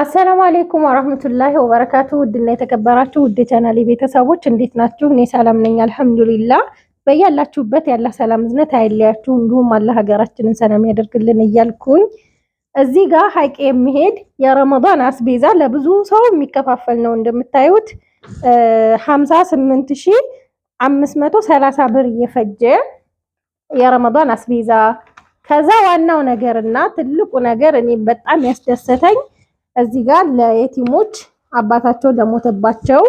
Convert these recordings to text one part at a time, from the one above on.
አሰላሙ አሌይኩም ወረህመቱላሂ ወበረካቱ። ውድና የተከበራችሁ ውድ ቻናል ቤተሰቦች እንዴት ናችሁ? እኔ ሰላም ነኝ አልሐምዱሊላ። በያላችሁበት ያለ ሰላም እዝነት አይለያችሁ፣ እንዲሁም አለ ሀገራችንን ሰላም ያደርግልን እያልኩኝ እዚህ ጋር ሀይቅ የሚሄድ የረመዳን አስቤዛ ለብዙ ሰው የሚከፋፈል ነው። እንደምታዩት ሀምሳ ስምንት ሺ አምስት መቶ ሰላሳ ብር እየፈጀ የረመዳን አስቤዛ ከዛ ዋናው ነገርና ትልቁ ነገር እኔ በጣም ያስደሰተኝ እዚህ ጋር ለየቲሞች አባታቸው ለሞተባቸው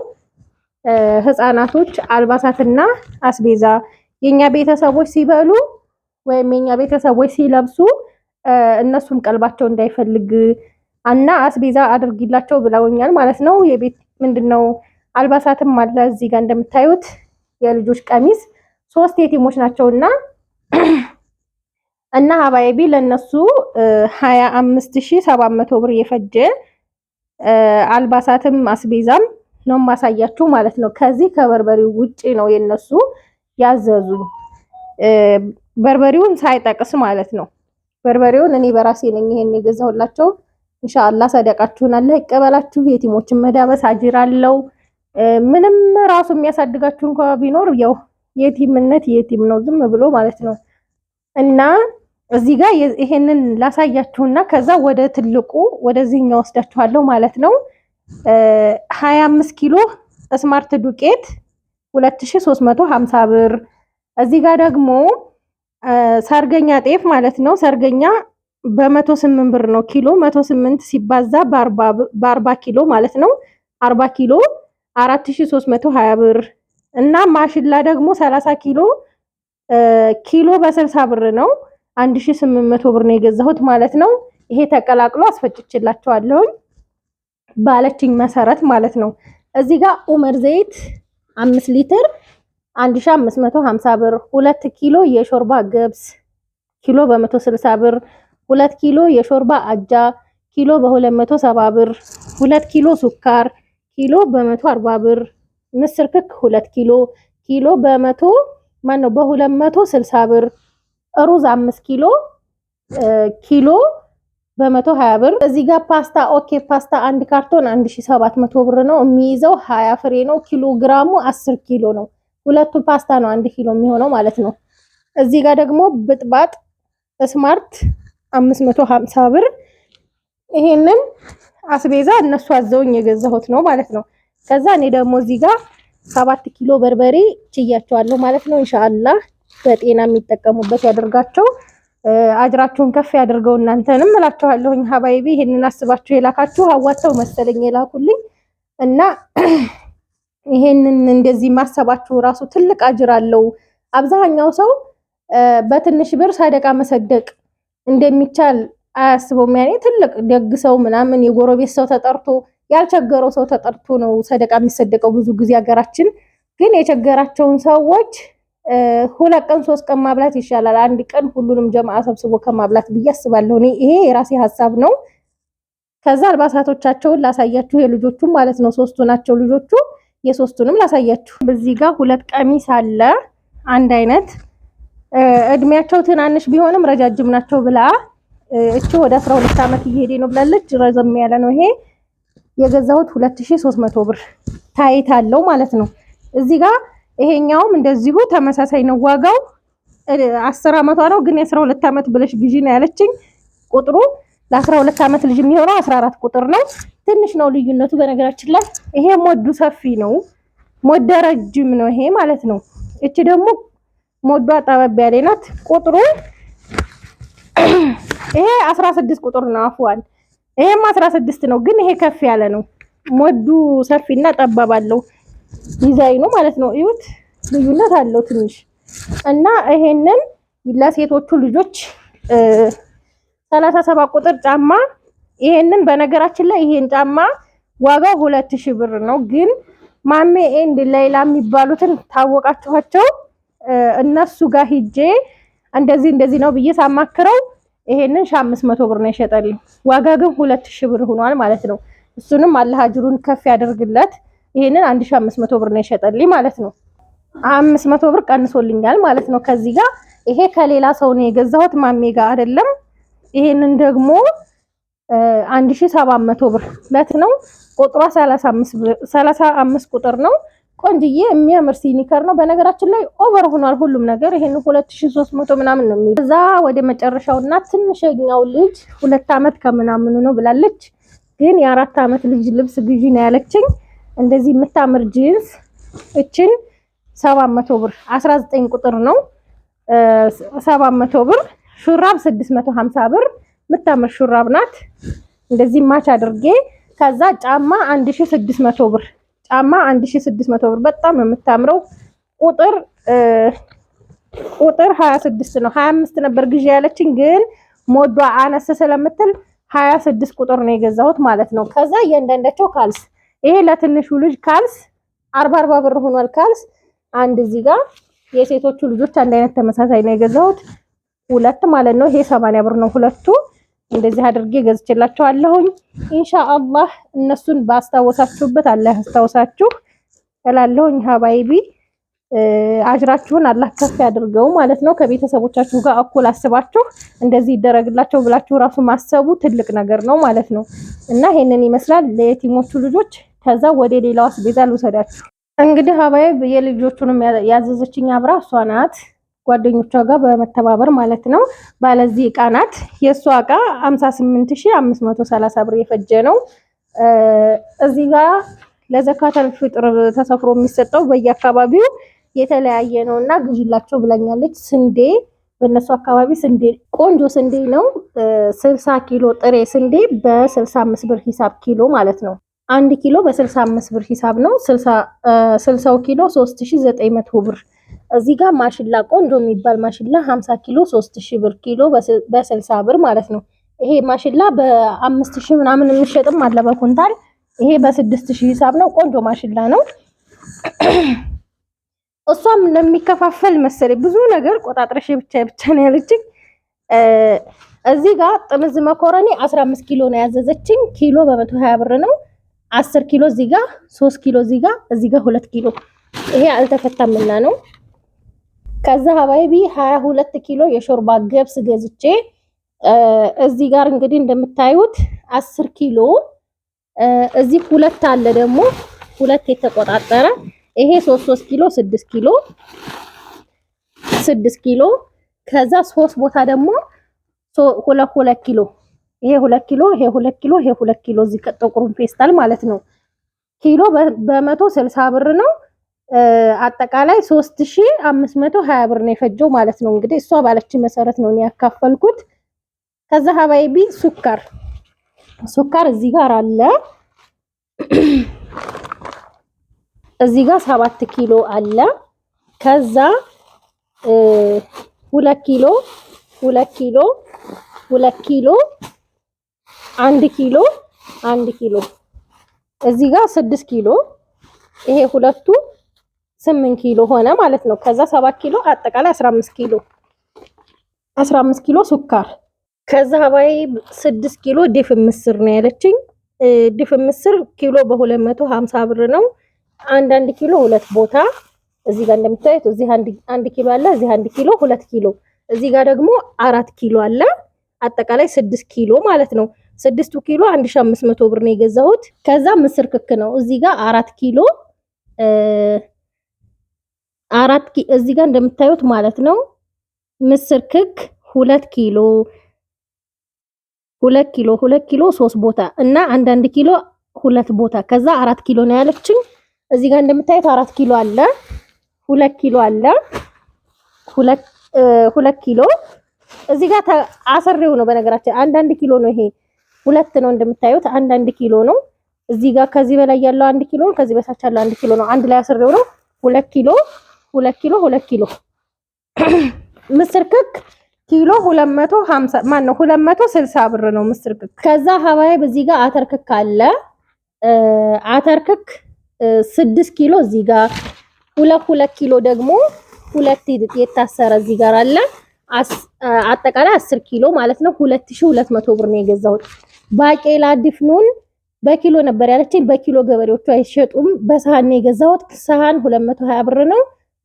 ህፃናቶች አልባሳትና አስቤዛ የኛ ቤተሰቦች ሲበሉ ወይም የኛ ቤተሰቦች ሲለብሱ እነሱም ቀልባቸው እንዳይፈልግ እና አስቤዛ አድርጊላቸው ብለውኛል ማለት ነው። የቤት ምንድነው አልባሳትም አለ እዚህ ጋር እንደምታዩት የልጆች ቀሚስ ሶስት የቲሞች ናቸው እና እና ሀባይቢ ለነሱ 25700 ብር የፈጀ አልባሳትም አስቤዛም ነው ማሳያችሁ ማለት ነው። ከዚህ ከበርበሬው ውጪ ነው የነሱ ያዘዙኝ በርበሬውን ሳይጠቅስ ማለት ነው። በርበሬውን እኔ በራሴ ነኝ ይሄን የገዛሁላቸው። ኢንሻአላህ ሰደቃችሁን አላህ ይቀበላችሁ። የቲሞችን መዳበስ አጅር አለው። ምንም ራሱ የሚያሳድጋችሁ እንኳ ቢኖር ያው የቲምነት የቲም ነው ዝም ብሎ ማለት ነው እና እዚህ ጋር ይሄንን ላሳያችሁና ከዛ ወደ ትልቁ ወደዚህኛው ወስዳችኋለሁ ማለት ነው። 25 ኪሎ ስማርት ዱቄት 2350 ብር። እዚህ ጋር ደግሞ ሰርገኛ ጤፍ ማለት ነው። ሰርገኛ በ108 ብር ነው ኪሎ 108 ሲባዛ በ40 ኪሎ ማለት ነው። 40 ኪሎ 4320 ብር እና ማሽላ ደግሞ 30 ኪሎ ኪሎ በ60 ብር ነው አንድ ሺህ ስምንት መቶ ብር ነው የገዛሁት ማለት ነው። ይሄ ተቀላቅሎ አስፈጭችላቸዋለሁኝ ባለችኝ መሰረት ማለት ነው። እዚህ ጋር ኡመር ዘይት 5 ሊትር 1550 ብር፣ ሁለት ኪሎ የሾርባ ገብስ ኪሎ በ160 ብር፣ ሁለት ኪሎ የሾርባ አጃ ኪሎ በ270 ብር፣ ሁለት ኪሎ ሱካር ኪሎ በ140 ብር፣ ምስር ክክ ሁለት ኪሎ ኪሎ በ100 ማነው በ260 ብር ሩዝ አምስት ኪሎ ኪሎ በመቶ ሀያ ብር። እዚህ ጋር ፓስታ ኦኬ ፓስታ አንድ ካርቶን አንድ ሺ ሰባት መቶ ብር ነው የሚይዘው ሀያ ፍሬ ነው። ኪሎ ግራሙ አስር ኪሎ ነው። ሁለቱ ፓስታ ነው አንድ ኪሎ የሚሆነው ማለት ነው። እዚህ ጋር ደግሞ ብጥባጥ ስማርት አምስት መቶ ሀምሳ ብር። ይሄንን አስቤዛ እነሱ አዘውኝ የገዛሁት ነው ማለት ነው። ከዛ እኔ ደግሞ እዚህ ጋር ሰባት ኪሎ በርበሬ ችያቸዋለሁ ማለት ነው ኢንሻአላህ በጤና የሚጠቀሙበት ያደርጋቸው፣ አጅራቸውን ከፍ ያደርገው። እናንተንም እላችኋለሁኝ ሀባይቢ ይሄንን አስባችሁ የላካችሁ አዋተው መሰለኝ የላኩልኝ እና ይሄንን እንደዚህ ማሰባችሁ ራሱ ትልቅ አጅር አለው። አብዛኛው ሰው በትንሽ ብር ሰደቃ መሰደቅ እንደሚቻል አያስበውም። ያኔ ትልቅ ደግ ሰው ምናምን የጎረቤት ሰው ተጠርቶ ያልቸገረው ሰው ተጠርቶ ነው ሰደቃ የሚሰደቀው ብዙ ጊዜ ሀገራችን ግን የቸገራቸውን ሰዎች ሁለት ቀን ሶስት ቀን ማብላት ይሻላል፣ አንድ ቀን ሁሉንም ጀማአ ሰብስቦ ከማብላት ብዬ አስባለሁ። እኔ ይሄ የራሴ ሀሳብ ነው። ከዛ አልባሳቶቻቸውን ላሳያችሁ፣ የልጆቹ ማለት ነው። ሶስቱ ናቸው ልጆቹ፣ የሶስቱንም ላሳያችሁ። በዚህ ጋር ሁለት ቀሚስ አለ፣ አንድ አይነት እድሜያቸው ትናንሽ ቢሆንም ረጃጅም ናቸው ብላ እቺ ወደ 12 ዓመት እየሄደ ነው ብላለች። ረዘም ያለ ነው ይሄ የገዛሁት 2300 ብር ታይታለው አለው ማለት ነው እዚህ ጋር ይሄኛውም እንደዚሁ ተመሳሳይ ነው ዋጋው አስር አመቷ ነው ግን የአስራ ሁለት አመት ብለሽ ግዢ ነው ያለችኝ። ቁጥሩ ለአስራ ሁለት አመት ልጅ የሚሆነው አስራ አራት ቁጥር ነው። ትንሽ ነው ልዩነቱ። በነገራችን ላይ ይሄ ሞዱ ሰፊ ነው፣ ሞዳ ረጅም ነው ይሄ ማለት ነው። እቺ ደግሞ ሞዷ ጠበብ ያለ ናት። ቁጥሩ ይሄ አስራ ስድስት ቁጥር ነው። አፍዋን ይሄም አስራ ስድስት ነው፣ ግን ይሄ ከፍ ያለ ነው። ሞዱ ሰፊና ጠባብ አለው። ዲዛይኑ ማለት ነው። እዩት፣ ልዩነት አለው ትንሽ እና ይሄንን ለሴቶቹ ልጆች ሰላሳ ሰባት ቁጥር ጫማ ይሄንን በነገራችን ላይ ይሄን ጫማ ዋጋው ሁለት ሺህ ብር ነው። ግን ማሜ ኤንድ ሌላ የሚባሉትን ታወቃችኋቸው እነሱ ጋር ሂጄ እንደዚህ እንደዚህ ነው ብዬ ሳማክረው ይሄንን ሺህ አምስት መቶ ብር ነው የሸጠልኝ። ዋጋ ግን ሁለት ሺህ ብር ሆኗል ማለት ነው። እሱንም አላህ አጅሩን ከፍ ያደርግለት። ይሄንን 1500 ብር ነው የሸጠልኝ ማለት ነው። 500 ብር ቀንሶልኛል ማለት ነው። ከዚህ ጋር ይሄ ከሌላ ሰው ነው የገዛሁት ማሜ ጋር አይደለም። ይሄንን ደግሞ 1700 ብር ለት ነው። ቁጥሯ 35 35 ቁጥር ነው። ቆንጅዬ የሚያምር ሲኒከር ነው። በነገራችን ላይ ኦቨር ሆኗል ሁሉም ነገር። ይሄን 2300 ምናምን ነው የሚል። ወደ መጨረሻውና ትንሸኛው ልጅ ሁለት ዓመት ከምናምኑ ነው ብላለች። ግን የአራት አመት ልጅ ልብስ ግዢ ነው ያለችኝ። እንደዚህ የምታምር ጂንስ እችን 700 ብር 19 ቁጥር ነው 700 ብር። ሹራብ 650 ብር የምታምር ሹራብ ናት። እንደዚህ ማች አድርጌ ከዛ ጫማ 1600 ብር ጫማ 1600 ብር። በጣም የምታምረው። ቁጥር ቁጥር 26 ነው። 25 ነበር ግዢ ያለችን ግን ሞዷ አነስ ስለምትል 26 ቁጥር ነው የገዛሁት ማለት ነው። ከዛ እያንዳንዳቸው ካልስ ይሄ ለትንሹ ልጅ ካልስ አርባ አርባ ብር ሆኗል። ካልስ አንድ እዚህ ጋር የሴቶቹ ልጆች አንድ አይነት ተመሳሳይ ነው የገዛሁት ሁለት ማለት ነው። ይሄ ሰማንያ ብር ነው ሁለቱ። እንደዚህ አድርጌ ገዝቼላችኋለሁኝ። ኢንሻአላህ እነሱን ባስታወሳችሁበት አላህ ያስታውሳችሁ እላለሁኝ። ሀባይቢ አጅራችሁን አላህ ከፍ ያድርገው ማለት ነው። ከቤተሰቦቻችሁ ጋር እኩል አስባችሁ እንደዚህ ይደረግላቸው ብላችሁ ራሱ ማሰቡ ትልቅ ነገር ነው ማለት ነው እና ይሄንን ይመስላል ለየቲሞቹ ልጆች ከዛ ወደ ሌላ አስቤዛ ልውሰዳችሁ። እንግዲህ ሀባይ የልጆቹንም ያዘዘችኝ አብራ እሷ ናት ጓደኞቿ ጋር በመተባበር ማለት ነው። ባለዚህ እቃ ናት የእሷ እቃ 58530 ብር የፈጀ ነው። እዚህ ጋር ለዘካተል ፍጥር ተሰፍሮ የሚሰጠው በየአካባቢው የተለያየ ነው እና ግዢላቸው ብላኛለች። ስንዴ በእነሱ አካባቢ ስንዴ ቆንጆ ስንዴ ነው። ስልሳ ኪሎ ጥሬ ስንዴ በ65 ብር ሂሳብ ኪሎ ማለት ነው። አንድ ኪሎ በ65 ብር ሂሳብ ነው። 60 ኪሎ 3900 ብር። እዚህ ጋር ማሽላ ቆንጆ የሚባል ማሽላ 50 ኪሎ 3000 ብር ኪሎ በ60 ብር ማለት ነው። ይሄ ማሽላ በ5000 ምናምን የሚሸጥም አለ በኩንታል። ይሄ በ6000 ሂሳብ ነው። ቆንጆ ማሽላ ነው። እሷም ለሚከፋፈል መሰለኝ ብዙ ነገር ቆጣጥረሽ ብቻ ብቻ ነው ያለችኝ። እዚህ ጋር ጥምዝ መኮረኒ 15 ኪሎ ነው ያዘዘችኝ። ኪሎ በ120 ብር ነው። አስር ኪሎ እዚህ ጋር ሶስት ኪሎ እዚህ ጋር እዚህ ጋር ሁለት ኪሎ ይሄ አልተፈታምና ነው። ከዛ ሀባይቢ ሀያ ሁለት ኪሎ የሾርባ ገብስ ገዝቼ እዚህ ጋር እንግዲህ እንደምታዩት አስር ኪሎ እዚህ ሁለት አለ ደግሞ ሁለት የተቆጣጠረ ይሄ ሶስት ሶስት ኪሎ ስድስት ኪሎ ስድስት ኪሎ ከዛ ሶስት ቦታ ደግሞ ሁለት ሁለት ኪሎ ይሄ ሁለት ኪሎ ይሄ ሁለት ኪሎ ይሄ ሁለት ኪሎ እዚህ ጥቁሩን ፌስታል ማለት ነው። ኪሎ በመቶ ስልሳ ብር ነው። አጠቃላይ ሶስት ሺ አምስት መቶ ሀያ ብር ነው የፈጀው ማለት ነው። እንግዲህ እሷ ባለችን መሰረት ነው ያካፈልኩት። ከዛ ሀባይቢ ሱካር ሱካር እዚህ ጋር አለ። እዚህ ጋር ሰባት ኪሎ አለ። ከዛ ሁለት ኪሎ ሁለት ኪሎ ሁለት ኪሎ አንድ ኪሎ አንድ ኪሎ እዚህ ጋር ስድስት ኪሎ ይሄ ሁለቱ ስምንት ኪሎ ሆነ ማለት ነው። ከዛ ሰባት ኪሎ አጠቃላይ አስራ አምስት ኪሎ አስራ አምስት ኪሎ ሱካር ከዛ ሀባይ ስድስት ኪሎ ዲፍ ምስር ነው ያለችኝ። ድፍን ምስር ኪሎ በሁለት መቶ ሀምሳ ብር ነው። አንዳንድ ኪሎ ሁለት ቦታ እዚህ ጋር እንደምታዩት እዚህ አንድ ኪሎ አለ፣ እዚህ አንድ ኪሎ ሁለት ኪሎ፣ እዚህ ጋር ደግሞ አራት ኪሎ አለ። አጠቃላይ ስድስት ኪሎ ማለት ነው። ስድስቱ ኪሎ አንድ ሺ አምስት መቶ ብር ነው የገዛሁት። ከዛ ምስር ክክ ነው እዚህ ጋር አራት ኪሎ አራት ኪ እዚህ ጋር እንደምታዩት ማለት ነው ምስር ክክ ሁለት ኪሎ ሁለት ኪሎ ሁለት ኪሎ ሶስት ቦታ እና አንዳንድ ኪሎ ሁለት ቦታ ከዛ አራት ኪሎ ነው ያለችኝ። እዚህ ጋር እንደምታዩት አራት ኪሎ አለ ሁለት ኪሎ አለ ሁለት ኪሎ እዚህ ጋር አሰሬው ነው። በነገራችን አንዳንድ ኪሎ ነው ይሄ ሁለት ነው እንደምታዩት፣ አንድ አንድ ኪሎ ነው። እዚህ ጋር ከዚህ በላይ ያለው አንድ ኪሎ ነው። ከዚህ በታች ያለው አንድ ኪሎ ነው። አንድ ላይ አስሬው ነው ሁለት ኪሎ ሁለት ኪሎ ሁለት ኪሎ ምስር ክክ ኪሎ 250 ማን ነው 260 ብር ነው ምስር ክክ። ከዛ ሀባይ በዚህ ጋር አተር ክክ አለ። አተር ክክ 6 ኪሎ እዚህ ጋር ሁለት ሁለት ኪሎ ደግሞ ሁለት የታሰረ እዚህ ጋር አለ። አጠቃላይ 10 ኪሎ ማለት ነው 2200 ብር ነው የገዛሁት። ባቄላ ድፍኑን በኪሎ ነበር ያለችኝ። በኪሎ ገበሬዎቹ አይሸጡም። በሰሃን ነው የገዛሁት። ሰሃን 220 ብር ነው።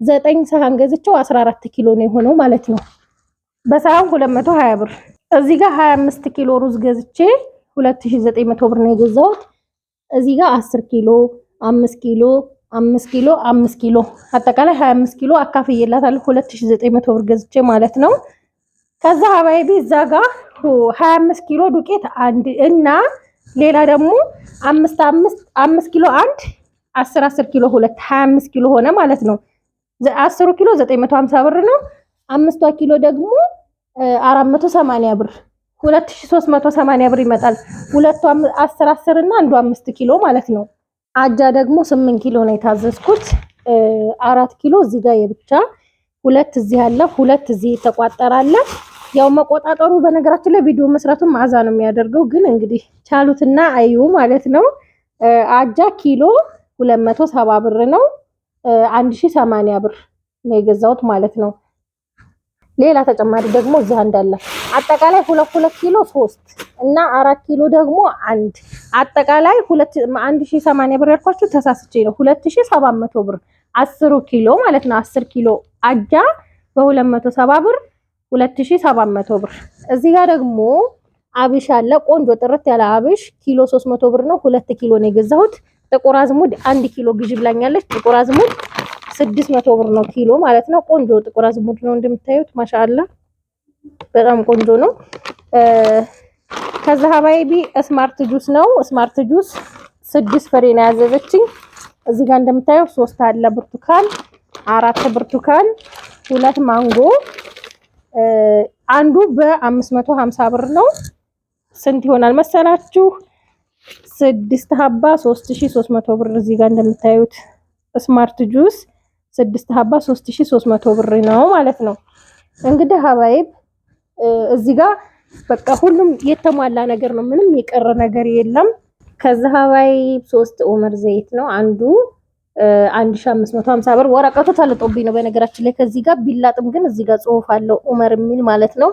ዘጠኝ ሰሃን ገዝቼው 14 ኪሎ ነው የሆነው ማለት ነው። በሰሃን 220 ብር። እዚህ ጋር 25 ኪሎ ሩዝ ገዝቼ 2900 ብር ነው የገዛሁት። እዚህ ጋር 10 ኪሎ፣ 5 ኪሎ፣ 5 ኪሎ፣ 5 ኪሎ አጠቃላይ 25 ኪሎ አካፍዬላታለሁ 2900 ብር ገዝቼ ማለት ነው። ከዛ ሀባይቢ እዛ ጋር ሀያ አምስት ኪሎ ዱቄት አንድ እና ሌላ ደግሞ አምስት አምስት አምስት ኪሎ አንድ አስር አስር ኪሎ ሁለት ሀያ አምስት ኪሎ ሆነ ማለት ነው። አስሩ ኪሎ ዘጠኝ መቶ ሀምሳ ብር ነው። አምስቷ ኪሎ ደግሞ አራት መቶ ሰማንያ ብር ሁለት ሺ ሶስት መቶ ሰማንያ ብር ይመጣል። ሁለቱ አስር አስር እና አንዱ አምስት ኪሎ ማለት ነው። አጃ ደግሞ ስምንት ኪሎ ነው የታዘዝኩት። አራት ኪሎ እዚህ ጋር የብቻ ሁለት እዚህ አለ፣ ሁለት እዚህ ተቋጠራለ። ያው መቆጣጠሩ በነገራችን ላይ ቪዲዮ መስራቱን ማዛ ነው የሚያደርገው። ግን እንግዲህ ቻሉትና አዩ ማለት ነው። አጃ ኪሎ 270 ብር ነው። 1080 ብር ነው የገዛሁት ማለት ነው። ሌላ ተጨማሪ ደግሞ እዛ እንዳለ አጠቃላይ ሁለት ሁለት ኪሎ ሶስት እና አራት ኪሎ ደግሞ አንድ አጠቃላይ ሁለት አንድ ሺህ ሰማንያ ብር ያልኳችሁ ተሳስቼ ነው። ሁለት ሺህ ሰባት መቶ ብር አስሩ ኪሎ ማለት ነው። አስር ኪሎ አጃ በሁለት መቶ ሰባ ብር 2700 ብር። እዚህ ጋር ደግሞ አብሽ አለ። ቆንጆ ጥርት ያለ አብሽ ኪሎ 300 ብር ነው። ሁለት ኪሎ ነው የገዛሁት። ጥቁር አዝሙድ አንድ ኪሎ ግዢ ብላኛለች። ጥቁር አዝሙድ 600 ብር ነው ኪሎ ማለት ነው። ቆንጆ ጥቁር አዝሙድ ነው እንደምታዩት። ማሻአላ በጣም ቆንጆ ነው። ከዛ ሀባይቢ ስማርት ጁስ ነው። ስማርት ጁስ ስድስት ፍሬ ነው ያዘዘችኝ። እዚህ ጋር እንደምታዩት ሶስት አለ ብርቱካን፣ አራት ብርቱካን፣ ሁለት ማንጎ አንዱ በ550 ብር ነው። ስንት ይሆናል መሰላችሁ? ስድስት ሀባ 3300 ብር። እዚህ ጋር እንደምታዩት ስማርት ጁስ ስድስት ሀባ 3300 ብር ነው ማለት ነው። እንግዲህ ሀባይብ እዚህ ጋር በቃ ሁሉም የተሟላ ነገር ነው። ምንም የቀረ ነገር የለም። ከዛ ሀባይብ ሶስት ኦመር ዘይት ነው አንዱ አንድ ሺህ አምስት መቶ ሀምሳ ብር ወረቀቱ ተልጦብኝ ነው በነገራችን ላይ ከዚህ ጋር ቢላጥም ግን እዚህ ጋር ጽሁፍ አለው ኡመር የሚል ማለት ነው።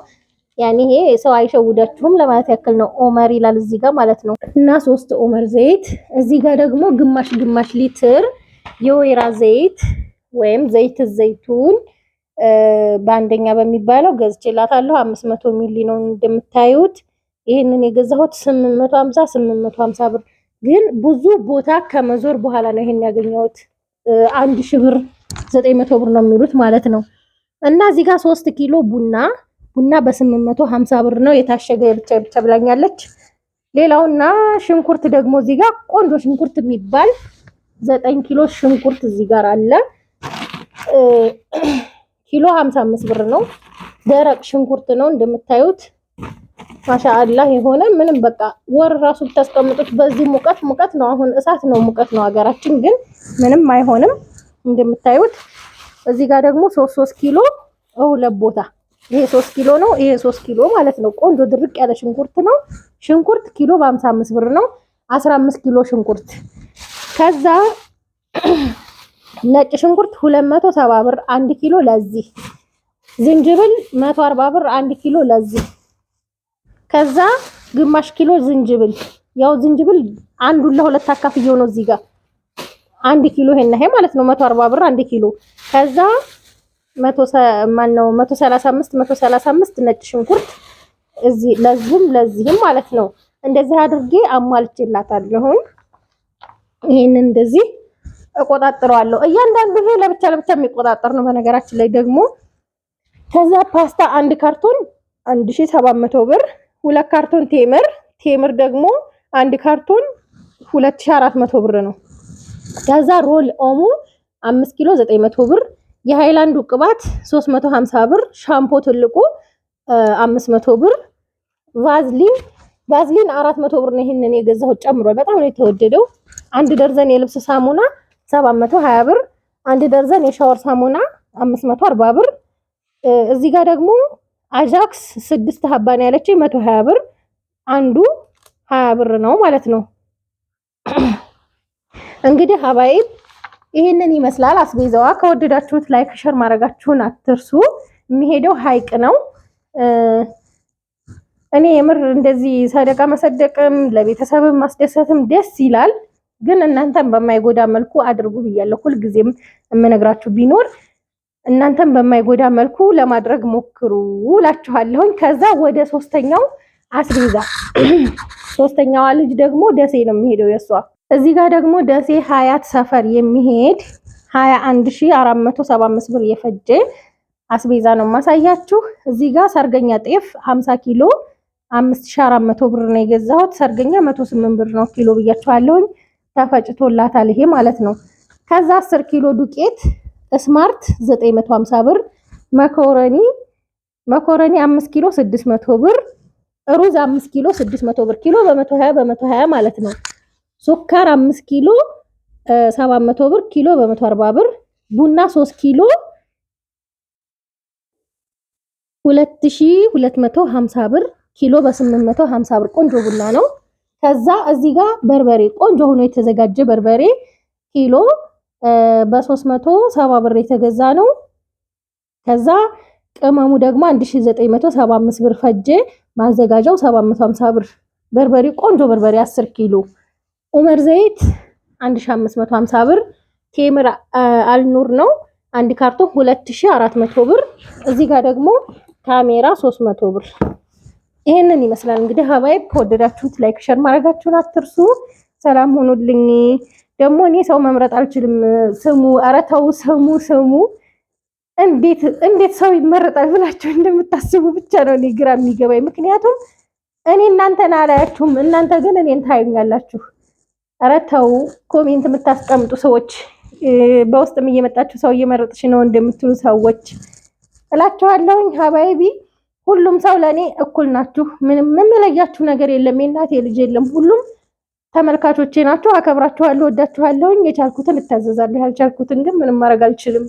ያኔ ይሄ ሰው አይሸውዳችሁም ለማለት ያክል ነው። ኡመር ይላል እዚህ ጋር ማለት ነው። እና ሶስት ኡመር ዘይት እዚህ ጋር ደግሞ ግማሽ ግማሽ ሊትር የወይራ ዘይት ወይም ዘይት ዘይቱን በአንደኛ በሚባለው ገዝቼላታለሁ። አምስት ሚሊ ነው እንደምታዩት። ይህንን የገዛሁት ስምንት መቶ ብር ግን ብዙ ቦታ ከመዞር በኋላ ነው ይሄን ያገኘሁት። አንድ ሺህ ብር ዘጠኝ መቶ ብር ነው የሚሉት ማለት ነው። እና እዚህ ጋር ሶስት ኪሎ ቡና ቡና በስምንት መቶ ሀምሳ ብር ነው የታሸገ የብቻ ብቻ ብላኛለች። ሌላውና ሽንኩርት ደግሞ እዚህ ጋር ቆንጆ ሽንኩርት የሚባል ዘጠኝ ኪሎ ሽንኩርት እዚህ ጋር አለ። ኪሎ ሀምሳ አምስት ብር ነው። ደረቅ ሽንኩርት ነው እንደምታዩት ማሻአላህ የሆነ ምንም በቃ ወር ራሱ ብታስቀምጡት በዚህ ሙቀት ሙቀት ነው። አሁን እሳት ነው ሙቀት ነው ሀገራችን፣ ግን ምንም አይሆንም እንደምታዩት። እዚህ ጋር ደግሞ ሶስት ሶስት ኪሎ ሁለት ቦታ ይሄ ሶስት ኪሎ ነው። ይሄ ሶስት ኪሎ ማለት ነው። ቆንጆ ድርቅ ያለ ሽንኩርት ነው። ሽንኩርት ኪሎ በሀምሳ አምስት ብር ነው። አስራ አምስት ኪሎ ሽንኩርት ከዛ ነጭ ሽንኩርት 270 ብር አንድ ኪሎ ለዚህ ዝንጅብል 140 ብር አንድ ኪሎ ለዚህ ከዛ ግማሽ ኪሎ ዝንጅብል፣ ያው ዝንጅብል አንዱን ለሁለት አካፍየው ነው እዚህ ጋር አንድ ኪሎ ይሄን ይሄ ማለት ነው 140 ብር አንድ ኪሎ። ከዛ 100 ማን ነው 135 135 ነጭ ሽንኩርት እዚህ ለዚህም ለዚህም ማለት ነው እንደዚህ አድርጌ አሟልቼላታለሁ። ይሄን እንደዚህ እቆጣጥረዋለሁ። እያንዳንዱ ይሄ ለብቻ ለብቻ የሚቆጣጠር ነው። በነገራችን ላይ ደግሞ ከዛ ፓስታ አንድ ካርቶን 1700 ብር ሁለት ካርቶን ቴምር ቴምር ደግሞ አንድ ካርቶን 2400 ብር ነው። ከዛ ሮል ኦሞ 5 ኪሎ 900 ብር፣ የሃይላንዱ ቅባት 350 ብር፣ ሻምፖ ትልቁ 500 ብር፣ ቫዝሊን ቫዝሊን 400 ብር ነው። ይሄንን የገዛሁት ጨምሯል፣ በጣም ነው የተወደደው። አንድ ደርዘን የልብስ ሳሙና 720 ብር፣ አንድ ደርዘን የሻወር ሳሙና 540 ብር። እዚህ ጋር ደግሞ አጃክስ ስድስት ሀባን ያለች መቶ ሀያ ብር አንዱ ሀያ ብር ነው ማለት ነው። እንግዲህ ሀባይብ ይሄንን ይመስላል አስቤዛዋ። ከወደዳችሁት ላይክ ሸር ማድረጋችሁን አትርሱ። የሚሄደው ሀይቅ ነው። እኔ የምር እንደዚህ ሰደቃ መሰደቅም ለቤተሰብም ማስደሰትም ደስ ይላል፣ ግን እናንተን በማይጎዳ መልኩ አድርጉ ብያለሁ። ሁልጊዜም የምነግራችሁ ቢኖር እናንተም በማይጎዳ መልኩ ለማድረግ ሞክሩ እላችኋለሁኝ። ከዛ ወደ ሶስተኛው አስቤዛ ሶስተኛዋ ልጅ ደግሞ ደሴ ነው የሚሄደው የእሷ። እዚህ ጋር ደግሞ ደሴ ሀያት ሰፈር የሚሄድ ሺ አምስት ብር የፈጀ አስቤዛ ነው ማሳያችሁ። እዚህ ጋር ሰርገኛ ጤፍ 50 ኪሎ መቶ ብር ነው የገዛሁት። ሰርገኛ ስምንት ብር ነው ኪሎ ብያችኋለሁኝ። ተፈጭቶላታል ይሄ ማለት ነው። ከዛ አስር ኪሎ ዱቄት ስማርት 950 ብር፣ መኮረኒ መኮረኒ 5 ኪሎ 600 ብር፣ ሩዝ 5 ኪሎ 600 ብር፣ ኪሎ በ120 በ120 ማለት ነው። ሱካር 5 ኪሎ 700 ብር፣ ኪሎ በ140 ብር፣ ቡና 3 ኪሎ 2250 ብር፣ ኪሎ በ850 ብር። ቆንጆ ቡና ነው። ከዛ እዚህ ጋር በርበሬ ቆንጆ ሆኖ የተዘጋጀ በርበሬ ኪሎ በሶስት መቶ ሰባ ብር የተገዛ ነው። ከዛ ቅመሙ ደግሞ 1975 ብር ፈጀ። ማዘጋጃው 750 ብር። በርበሬ ቆንጆ በርበሬ 10 ኪሎ። ኡመር ዘይት 1550 ብር። ቴምር አልኑር ነው አንድ ካርቶን 2400 ብር። እዚህ ጋር ደግሞ ካሜራ 300 ብር። ይሄንን ይመስላል እንግዲህ ሀባይ ከወደዳችሁት ላይክ ሸር ማድረጋችሁን አትርሱ። ሰላም ሆኑልኝ። ደግሞ እኔ ሰው መምረጥ አልችልም። ስሙ፣ ኧረ ተው ስሙ፣ ስሙ እንዴት እንዴት ሰው ይመረጣል ብላችሁ እንደምታስቡ ብቻ ነው እኔ ግራ የሚገባኝ። ምክንያቱም እኔ እናንተን አላያችሁም፣ እናንተ ግን እኔን ታዩኛላችሁ። ኧረ ተው ኮሜንት የምታስቀምጡ ሰዎች፣ በውስጥም እየመጣችሁ ሰው እየመረጥሽ ነው እንደምትሉ ሰዎች እላችኋለሁኝ። ሀባይቢ ሁሉም ሰው ለእኔ እኩል ናችሁ። ምንም የምለያችሁ ነገር የለም። የእናቴ ልጅ የለም። ሁሉም ተመልካቾቼ ናቸው። አከብራችኋለሁ፣ ወዳችኋለሁኝ። የቻልኩትን እታዘዛለሁ፣ ያልቻልኩትን ግን ምንም ማድረግ አልችልም።